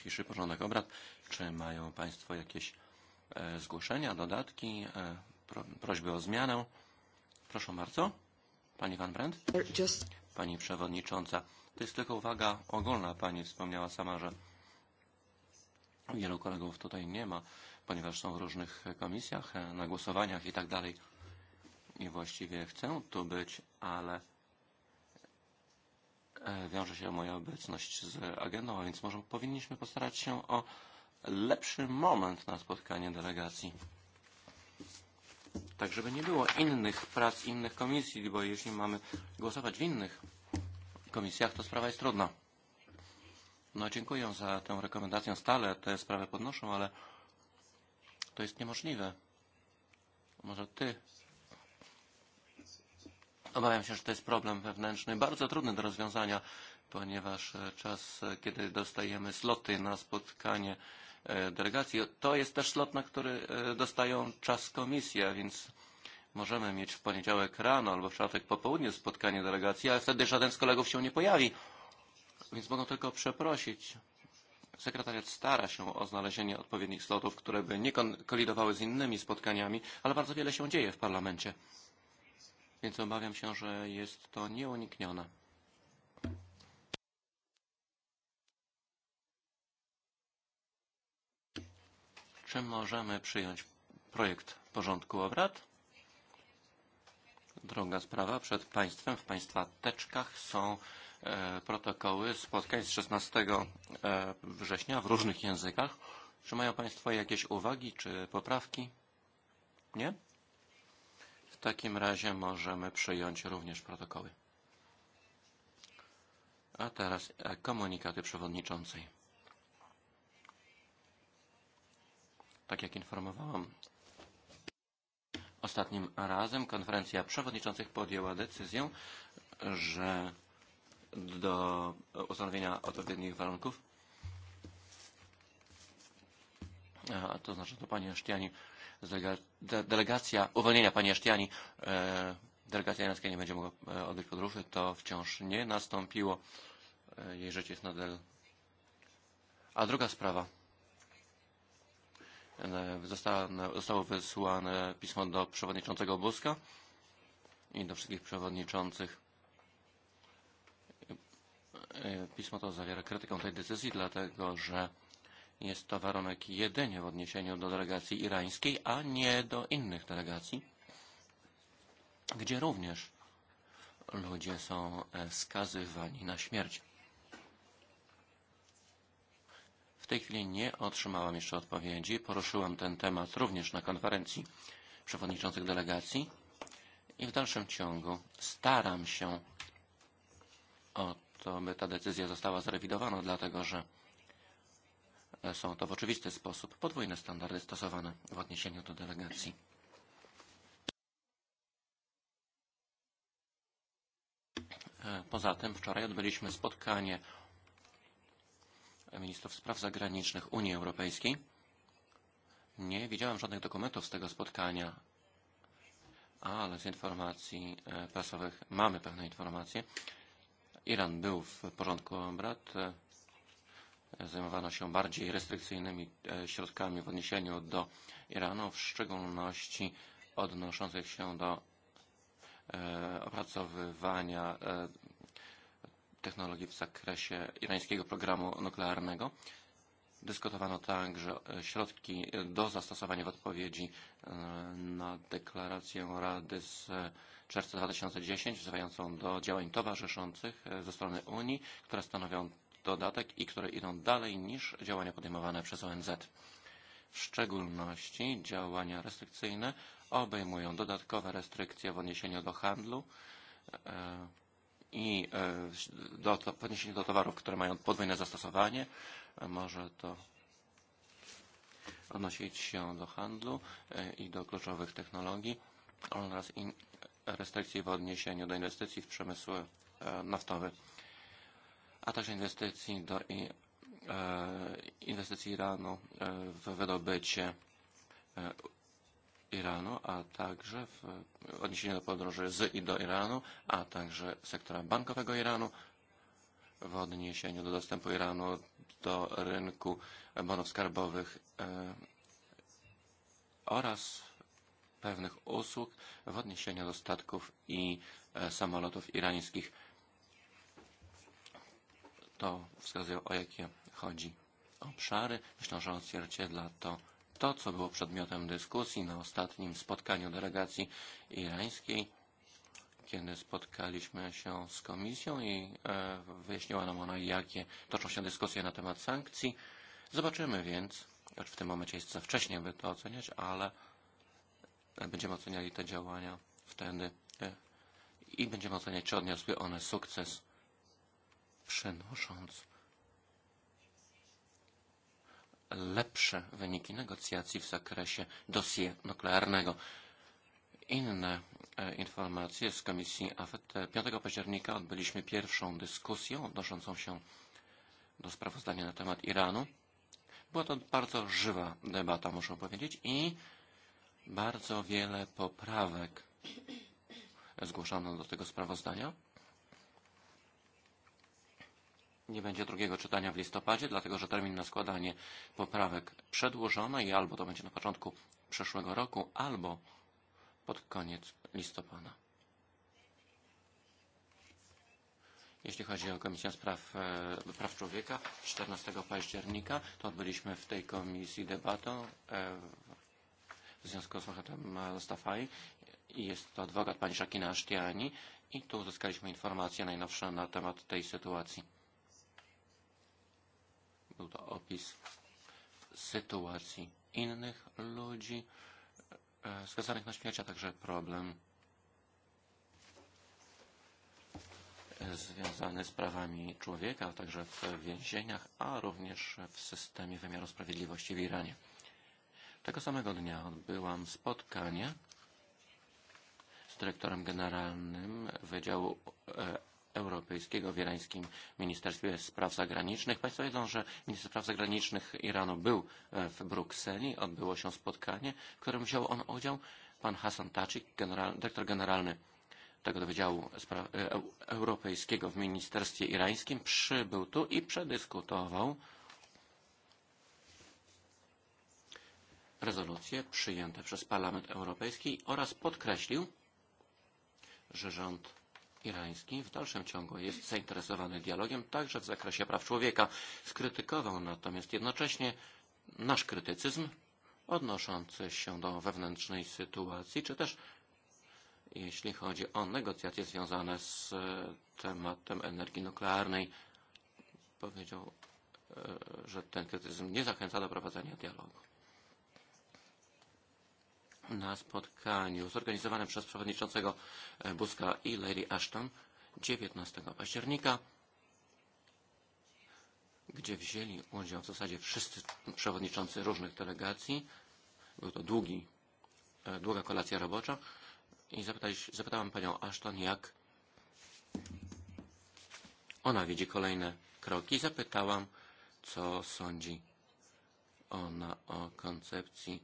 dzisiejszy porządek obrad. Czy mają Państwo jakieś e, zgłoszenia, dodatki, e, prośby o zmianę? Proszę bardzo. Pani Van Brent? Pani Przewodnicząca, to jest tylko uwaga ogólna. Pani wspomniała sama, że wielu kolegów tutaj nie ma, ponieważ są w różnych komisjach, e, na głosowaniach i tak dalej. I właściwie chcę tu być, ale E, wiąże się moja obecność z agendą, a więc może powinniśmy postarać się o lepszy moment na spotkanie delegacji. Tak, żeby nie było innych prac, innych komisji, bo jeśli mamy głosować w innych komisjach, to sprawa jest trudna. No dziękuję za tę rekomendację. Stale te sprawy podnoszą, ale to jest niemożliwe. Może ty Obawiam się, że to jest problem wewnętrzny, bardzo trudny do rozwiązania, ponieważ czas, kiedy dostajemy sloty na spotkanie e, delegacji, to jest też slot, na który e, dostają czas komisja, więc możemy mieć w poniedziałek rano albo w czwartek po południu spotkanie delegacji, ale wtedy żaden z kolegów się nie pojawi, więc mogą tylko przeprosić. Sekretariat stara się o znalezienie odpowiednich slotów, które by nie kolidowały z innymi spotkaniami, ale bardzo wiele się dzieje w parlamencie. Więc obawiam się, że jest to nieuniknione. Czy możemy przyjąć projekt porządku obrad? Druga sprawa. Przed Państwem w Państwa teczkach są e, protokoły spotkań z 16 e, września w różnych językach. Czy mają Państwo jakieś uwagi czy poprawki? Nie? takim razie możemy przyjąć również protokoły. A teraz e, komunikaty przewodniczącej. Tak jak informowałam, ostatnim razem konferencja przewodniczących podjęła decyzję, że do ustanowienia odpowiednich warunków, a to znaczy to pani Sztiani, delegacja uwolnienia pani Asztiani, e, delegacja iracka nie będzie mogła e, odbyć podróży, to wciąż nie nastąpiło. E, jej życie jest nadal. A druga sprawa. Zostało, zostało wysłane pismo do przewodniczącego Buzka i do wszystkich przewodniczących pismo to zawiera krytykę tej decyzji, dlatego że Jest to warunek jedynie w odniesieniu do delegacji irańskiej, a nie do innych delegacji, gdzie również ludzie eh, są skazywani na śmierć. W tej chwili nie otrzymałam jeszcze odpowiedzi. Poruszyłam ten temat również na konferencji przewodniczących delegacji i w dalszym ciągu staram się o to, by ta decyzja została zrewidowana, dlatego że są to w oczywisty sposób podwójne standardy stosowane w odniesieniu do delegacji. Poza tym wczoraj odbyliśmy spotkanie ministrów spraw zagranicznych Unii Europejskiej. Nie widziałem żadnych dokumentów z tego spotkania, ale z informacji eh, prasowych mamy pewne informacje. Iran był w porządku obrad. Eh, zajmowano się bardziej restrykcyjnymi e, środkami w odniesieniu do Iranu, w szczególności odnoszących się do e, opracowywania e, technologii w zakresie irańskiego programu nuklearnego. Dyskutowano także środki do zastosowania w odpowiedzi na deklarację Rady z czerwca 2010 wzywającą do działań towarzyszących ze strony Unii, które stanowią dodatek i które idą dalej niż działania podejmowane przez ONZ. W szczególności działania restrykcyjne obejmują dodatkowe restrykcje w odniesieniu do handlu e, i do, e, do, w odniesieniu do towarów, które mają podwójne zastosowanie. Może to odnosić się do handlu e, i do kluczowych technologii oraz in, restrykcji w odniesieniu do inwestycji w przemysł naftowy a także inwestycji do e, inwestycji Iranu w e, wydobycie Iranu, a także w odniesieniu do podróży z i do Iranu, a także sektora bankowego Iranu w odniesieniu do dostępu Iranu do rynku bonów skarbowych e, oraz pewnych usług w odniesieniu do statków i samolotów irańskich to wskazują, o jakie chodzi obszary. Myślę, że odzwierciedla to to, co było przedmiotem dyskusji na ostatnim spotkaniu delegacji irańskiej, kiedy spotkaliśmy się z komisją i wyjaśniła eh, nam ona, jakie toczą się dyskusje na temat sankcji. Zobaczymy więc, choć w tym momencie jest za wcześnie, by to oceniać, ale e, będziemy oceniali te działania wtedy e, i będziemy oceniać, czy odniosły one sukces przenosząc lepsze wyniki negocjacji w zakresie dosie nuklearnego. Inne e, informacje z Komisji AFET. 5 października odbyliśmy pierwszą dyskusję odnoszącą się do sprawozdania na temat Iranu. Była to bardzo żywa debata, muszę powiedzieć, i bardzo wiele poprawek zgłoszono do tego sprawozdania nie będzie drugiego czytania w listopadzie, dlatego że termin na składanie poprawek przedłużono i albo to będzie na początku przyszłego roku, albo pod koniec listopada. Jeśli chodzi o Komisję Spraw, e, Praw Człowieka, 14 października to odbyliśmy w tej komisji debatę e, w związku z Wachetem Stafaj. Jest to adwokat pani Szakina Asztiani i tu uzyskaliśmy informacje najnowsze na temat tej sytuacji był to opis sytuacji innych ludzi eh, skazanych na śmierć, a także problem związany z prawami człowieka, a także w więzieniach, a również w systemie wymiaru sprawiedliwości w Iranie. Tego samego dnia odbyłam spotkanie z dyrektorem generalnym Wydziału e, Europejskiego w irańskim Ministerstwie Spraw Zagranicznych. Państwo wiedzą, że minister spraw zagranicznych Iranu był e, w Brukseli, odbyło się spotkanie, w którym wziął on udział. Pan Hassan Tacik, general, dyrektor generalny tego Wydziału Spraw e, Europejskiego w Ministerstwie Irańskim, przybył tu i przedyskutował rezolucje przyjęte przez Parlament Europejski oraz podkreślił, że rząd irański w dalszym ciągu jest zainteresowany dialogiem także w zakresie praw człowieka. Skrytykował natomiast jednocześnie nasz krytycyzm odnoszący się do wewnętrznej sytuacji, czy też jeśli chodzi o negocjacje związane z e, tematem energii nuklearnej. Powiedział, e, że ten krytycyzm nie zachęca do prowadzenia dialogu na spotkaniu zorganizowanym przez przewodniczącego e, Buska i Lady Ashton 19 października, gdzie wzięli udział w zasadzie wszyscy przewodniczący różnych delegacji. Był to długi, e, długa kolacja robocza i zapytali, zapytałam panią Ashton, jak ona widzi kolejne kroki. Zapytałam, co sądzi ona o koncepcji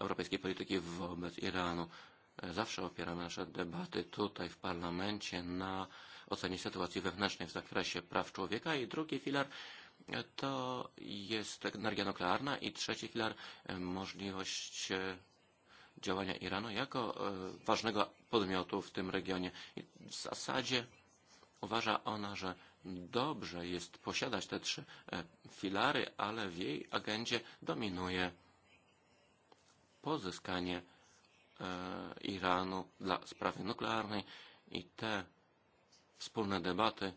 europejskiej eh, polityki wobec Iranu. Eh, Zawsze opieramy nasze debaty tutaj w parlamencie na ocenie sytuacji wewnętrznej w zakresie praw człowieka i drugi filar eh, to jest energia nuklearna i trzeci filar możliwość działania Iranu jako ważnego podmiotu w tym regionie. I w zasadzie uważa ona, że dobrze jest posiadać te trzy filary, ale w jej agendzie dominuje pozyskanie eh, Iranu dla sprawy nuklearnej i te wspólne debaty,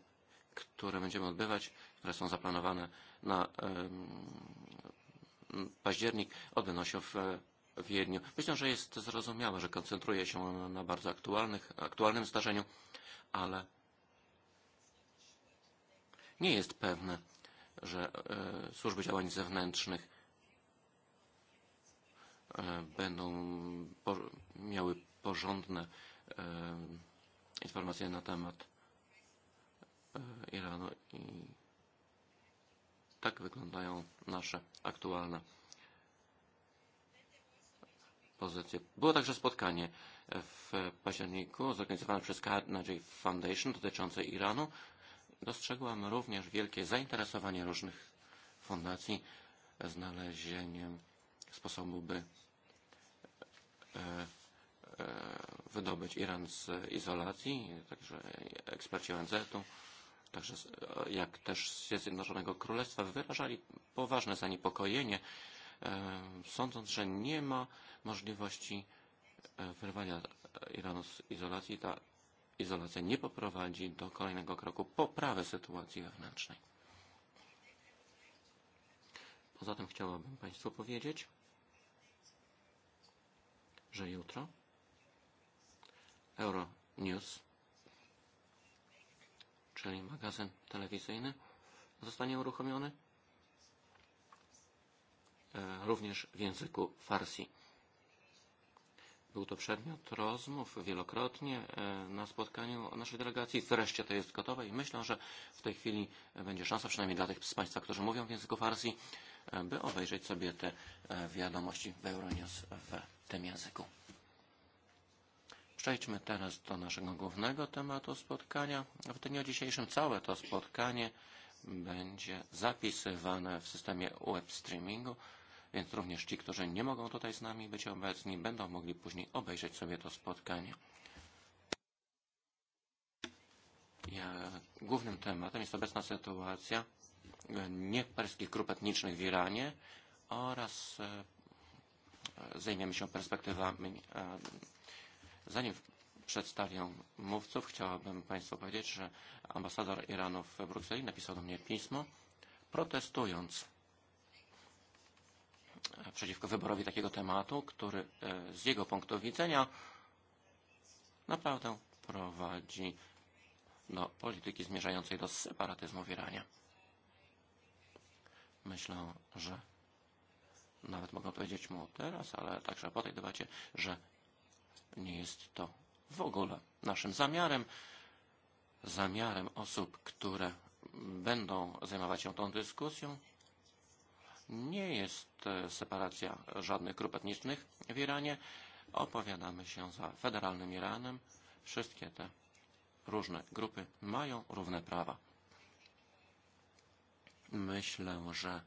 które będziemy odbywać, które są zaplanowane na ehm, październik, odbędą eh, się w Wiedniu. Myślę, że jest zrozumiałe, że koncentruje się na bardzo aktualnych, aktualnym zdarzeniu, ale nie jest pewne, że e, służby działań zewnętrznych E, będą miały porządne e, informacje na temat e, Iranu i tak wyglądają nasze aktualne pozycje. Było także spotkanie w październiku zorganizowane przez Carnegie Foundation dotyczące Iranu. Dostrzegłam również wielkie zainteresowanie różnych fundacji znalezieniem sposobu, by E, e, wydobyć Iran z izolacji, także eksperci ONZ-u, także e, jak też ze Zjednoczonego Królestwa wyrażali poważne zaniepokojenie, sądząc, że nie ma możliwości wyrwania Iranu z izolacji. Ta izolacja nie poprowadzi do kolejnego kroku poprawy sytuacji wewnętrznej. Poza tym chciałabym Państwu powiedzieć, że jutro Euro News, czyli magazyn telewizyjny, zostanie uruchomiony eh, również w języku farsi. Był to przedmiot rozmów wielokrotnie eh, na spotkaniu naszej delegacji. Wreszcie to jest gotowe i myślę, że w tej chwili eh, będzie szansa, przynajmniej dla tych z Państwa, którzy mówią w języku farsi, by obejrzeć sobie te wiadomości w Euronews w tym języku. Przejdźmy teraz do naszego głównego tematu spotkania. W dniu dzisiejszym całe to spotkanie będzie zapisywane w systemie web streamingu, więc również ci, którzy nie mogą tutaj z nami być obecni, będą mogli później obejrzeć sobie to spotkanie. Ja, głównym tematem jest obecna sytuacja nieperskich grup etnicznych w Iranie oraz e, zajmiemy się perspektywami. E, Zanim przedstawię mówców, chciałabym Państwu powiedzieć, że ambasador Iranu w Brukseli napisał do mnie pismo protestując e, przeciwko wyborowi takiego tematu, który z jego punktu widzenia naprawdę prowadzi do polityki zmierzającej do separatyzmu w Iranie myślę, że nawet mogę powiedzieć mu teraz, ale także po tej debacie, że nie jest to w ogóle naszym zamiarem. Zamiarem osób, które będą zajmować się tą dyskusją, nie jest e, separacja żadnych grup etnicznych w Iranie. Opowiadamy się za federalnym Iranem. Wszystkie te różne grupy mają równe prawa. Myślę, że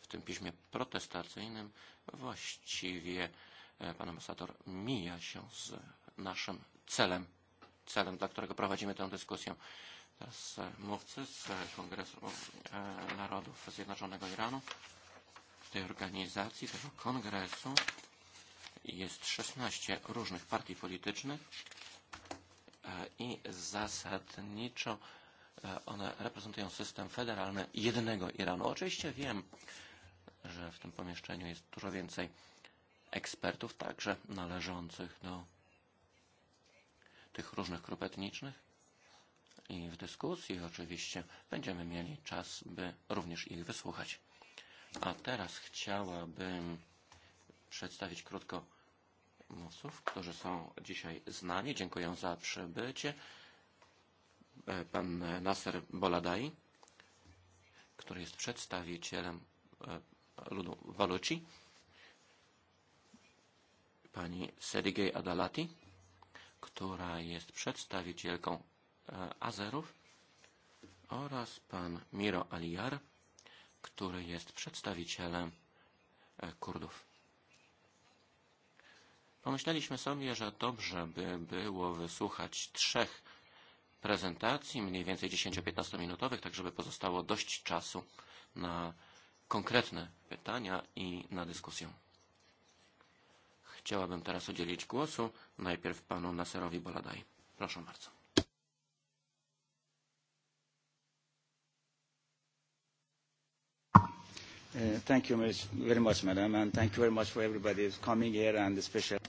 w tym piśmie protestacyjnym właściwie e, pan ambasador mija się z naszym celem, celem, dla którego prowadzimy tę dyskusję. Teraz e, mówcy z Kongresu e, Narodów Zjednoczonego Iranu, tej organizacji, tego kongresu jest 16 różnych partii politycznych i zasadniczo Eh, one reprezentują system federalny jednego Iranu. Oczywiście wiem, że w tym pomieszczeniu jest dużo więcej ekspertów, także należących do tych różnych grup etnicznych. I w dyskusji oczywiście będziemy mieli czas, by również ich wysłuchać. A teraz chciałabym przedstawić krótko mówców, którzy są dzisiaj z nami. Dziękuję za przybycie. Eh, pan eh, Nasser Boladaj, który jest przedstawicielem eh, ludu Waluci, pani Sedigej Adalati, która jest przedstawicielką Azerów oraz pan Miro Aliar, który jest przedstawicielem Kurdów. Pomyśleliśmy sobie, że dobrze by było wysłuchać trzech prezentacji, mniej więcej 10-15 minutowych, tak żeby pozostało dość czasu na konkretne pytania i na dyskusję. Chciałabym teraz udzielić głosu najpierw panu Naserowi Boladaj. Proszę bardzo.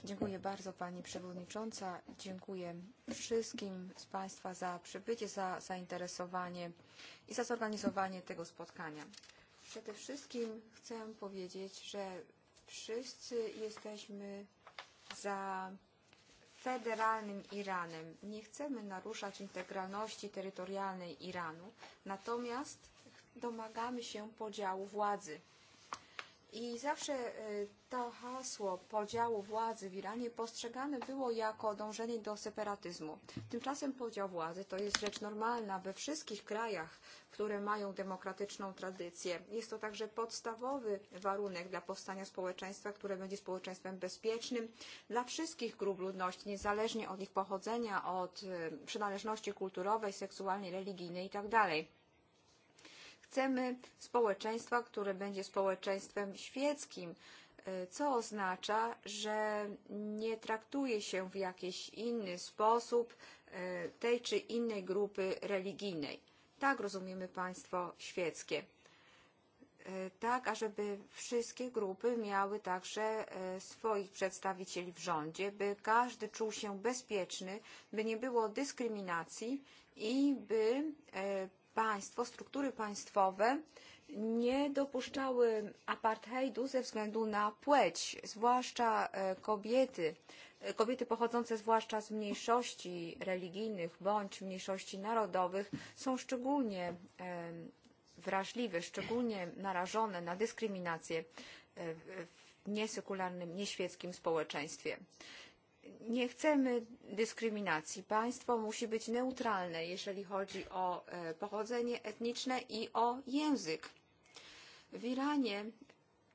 Dziękuję bardzo Pani Przewodnicząca. Dziękuję wszystkim z Państwa za przybycie, za zainteresowanie i za zorganizowanie tego spotkania. Przede wszystkim chcę powiedzieć, że wszyscy jesteśmy za federalnym Iranem. Nie chcemy naruszać integralności terytorialnej Iranu, natomiast domagamy się podziału władzy. I zawsze e, to hasło podziału władzy w Iranie postrzegane było jako dążenie do separatyzmu. Tymczasem podział władzy to jest rzecz normalna we wszystkich krajach, które mają demokratyczną tradycję. Jest to także podstawowy warunek dla powstania społeczeństwa, które będzie społeczeństwem bezpiecznym dla wszystkich grup ludności, niezależnie od ich pochodzenia, od e, przynależności kulturowej, seksualnej, religijnej itd. Chcemy społeczeństwa, które będzie społeczeństwem świeckim, e, co oznacza, że nie traktuje się w jakiś inny sposób e, tej czy innej grupy religijnej. Tak rozumiemy państwo świeckie. E, tak, ażeby wszystkie grupy miały także swoich przedstawicieli w rządzie, by każdy czuł się bezpieczny, by nie było dyskryminacji i by państwo, struktury państwowe nie dopuszczały apartheidu ze względu na płeć, zwłaszcza e, kobiety, e, kobiety pochodzące zwłaszcza z mniejszości religijnych bądź mniejszości narodowych są szczególnie e, wrażliwe, szczególnie narażone na dyskryminację w niesekularnym, nieświeckim społeczeństwie nie chcemy dyskryminacji. Państwo musi być neutralne, jeżeli chodzi o e, pochodzenie etniczne i o język. W Iranie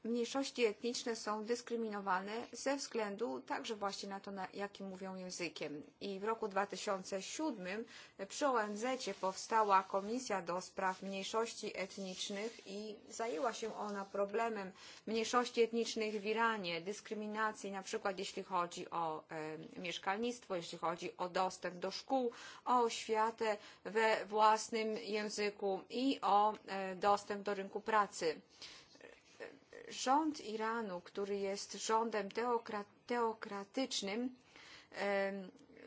mniejszości etniczne są dyskryminowane ze względu także właśnie na to, na jakim mówią językiem. I w roku 2007 przy ONZ powstała Komisja do Spraw Mniejszości Etnicznych i zajęła się ona problemem mniejszości etnicznych w Iranie, dyskryminacji na przykład jeśli chodzi o e, mieszkalnictwo, jeśli chodzi o dostęp do szkół, o oświatę we własnym języku i o e, dostęp do rynku pracy rząd Iranu, który jest rządem teokratycznym,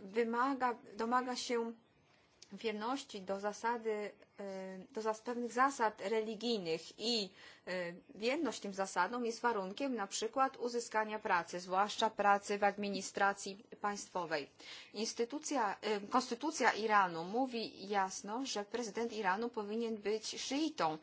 wymaga, domaga się wierności do zasady, do zas, pewnych zasad religijnych i wierność tym zasadom jest warunkiem na przykład uzyskania pracy, zwłaszcza pracy w administracji państwowej. Instytucja, konstytucja Iranu mówi jasno, że prezydent Iranu powinien być szyitą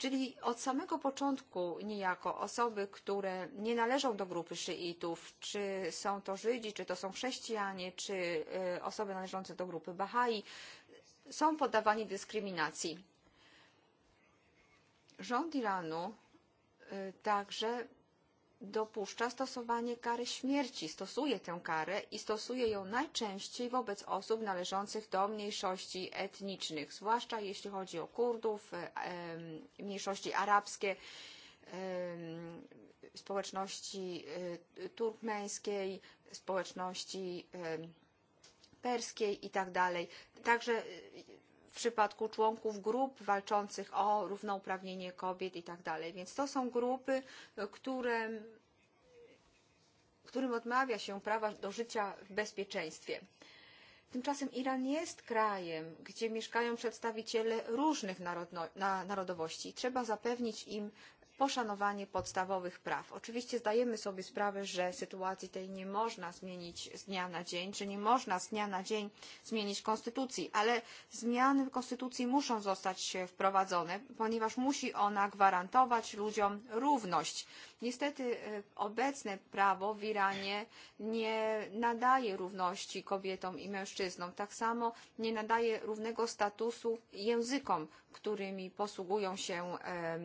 Czyli od samego początku niejako osoby, które nie należą do grupy szyitów, czy są to Żydzi, czy to są chrześcijanie, czy e, osoby należące do grupy Bahai, są poddawani dyskryminacji. Rząd Iranu e, także dopuszcza stosowanie kary śmierci, stosuje tę karę i stosuje ją najczęściej wobec osób należących do mniejszości etnicznych, zwłaszcza jeśli chodzi o Kurdów, e, mniejszości arabskie, społeczności e, turkmeńskiej, społeczności perskiej i tak dalej. Także w przypadku członków grup walczących o równouprawnienie kobiet i tak dalej. Więc to są grupy, które, którym odmawia się prawa do życia w bezpieczeństwie. Tymczasem Iran jest krajem, gdzie mieszkają przedstawiciele różnych narodno, na, narodowości. Trzeba zapewnić im poszanowanie podstawowych praw. Oczywiście zdajemy sobie sprawę, że sytuacji tej nie można zmienić z dnia na dzień, czy nie można z dnia na dzień zmienić konstytucji, ale zmiany w konstytucji muszą zostać wprowadzone, ponieważ musi ona gwarantować ludziom równość. Niestety e, obecne prawo w Iranie nie nadaje równości kobietom i mężczyznom. Tak samo nie nadaje równego statusu językom, którymi posługują się e,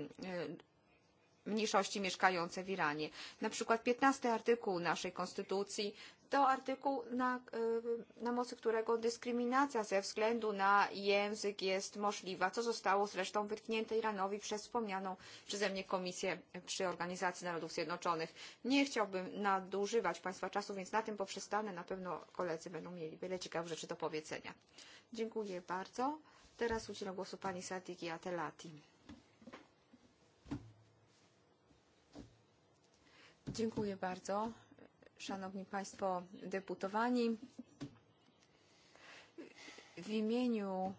mniejszości mieszkające w Iranie. Na przykład 15 artykuł naszej konstytucji to artykuł, na, na mocy którego dyskryminacja ze względu na język jest możliwa, co zostało zresztą wytknięte Iranowi przez wspomnianą przeze mnie komisję przy Organizacji Narodów Zjednoczonych. Nie chciałbym nadużywać Państwa czasu, więc na tym poprzestanę. Na pewno koledzy będą mieli wiele ciekawych rzeczy do powiedzenia. Dziękuję bardzo. Teraz udzielę głosu pani Sadiki Atelati. Dziękuję bardzo. Szanowni Państwo deputowani, w imieniu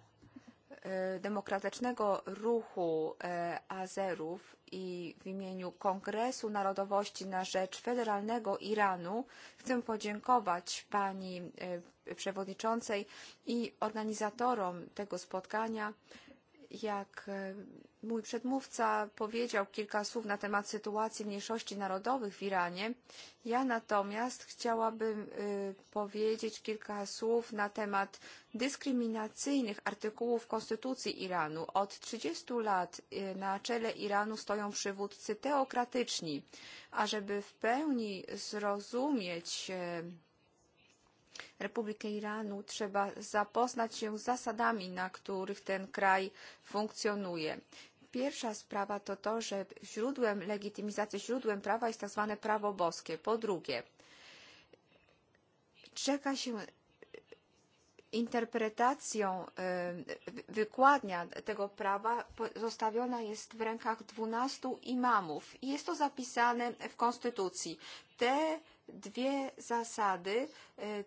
e, Demokratycznego Ruchu e, Azerów i w imieniu Kongresu Narodowości na Rzecz Federalnego Iranu chcę podziękować Pani e, Przewodniczącej i organizatorom tego spotkania jak e, mój przedmówca powiedział kilka słów na temat sytuacji mniejszości narodowych w Iranie, ja natomiast chciałabym e, powiedzieć kilka słów na temat dyskryminacyjnych artykułów Konstytucji Iranu. Od 30 lat e, na czele Iranu stoją przywódcy teokratyczni, a żeby w pełni zrozumieć Republikę Iranu trzeba zapoznać się z zasadami, na których ten kraj funkcjonuje. Pierwsza sprawa to to, że źródłem legitymizacji, źródłem prawa jest tzw. prawo boskie. Po drugie, czeka się interpretacją, wykładnia tego prawa zostawiona jest w rękach dwunastu imamów. Jest to zapisane w Konstytucji. Te dwie zasady e,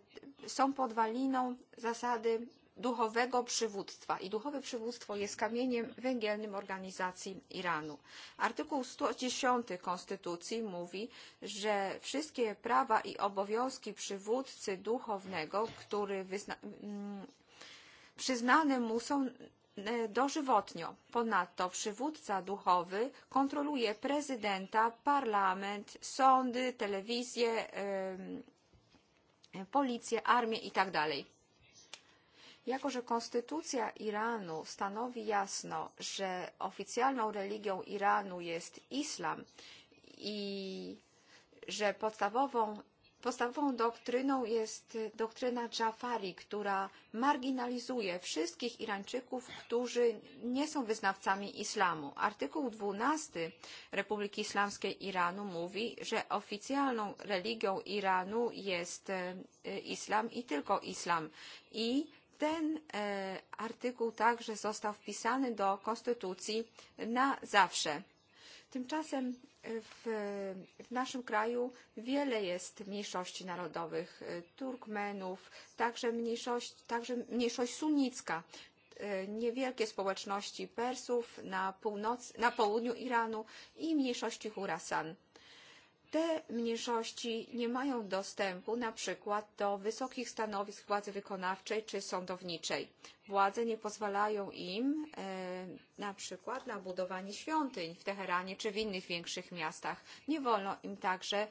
są podwaliną zasady duchowego przywództwa i duchowe przywództwo jest kamieniem węgielnym organizacji Iranu. Artykuł 110 Konstytucji mówi, że wszystkie prawa i obowiązki przywódcy duchownego, który wyzna, mm, przyznane mu są E, dożywotnio. Ponadto przywódca duchowy kontroluje prezydenta, parlament, sądy, telewizję, e, policję, armię itd. Jako, że konstytucja Iranu stanowi jasno, że oficjalną religią Iranu jest islam i że podstawową Podstawową doktryną jest doktryna Jafari, która marginalizuje wszystkich Irańczyków, którzy nie są wyznawcami islamu. Artykuł 12 Republiki Islamskiej Iranu mówi, że oficjalną religią Iranu jest e, islam i tylko islam. I ten e, artykuł także został wpisany do konstytucji na zawsze. Tymczasem w, w naszym kraju wiele jest mniejszości narodowych, e, Turkmenów, także mniejszość, także mniejszość sunnicka, e, niewielkie społeczności Persów na, północ, na południu Iranu i mniejszości Hurasan te mniejszości nie mają dostępu na przykład do wysokich stanowisk władzy wykonawczej czy sądowniczej. Władze nie pozwalają im e, na przykład na budowanie świątyń w Teheranie czy w innych większych miastach. Nie wolno im także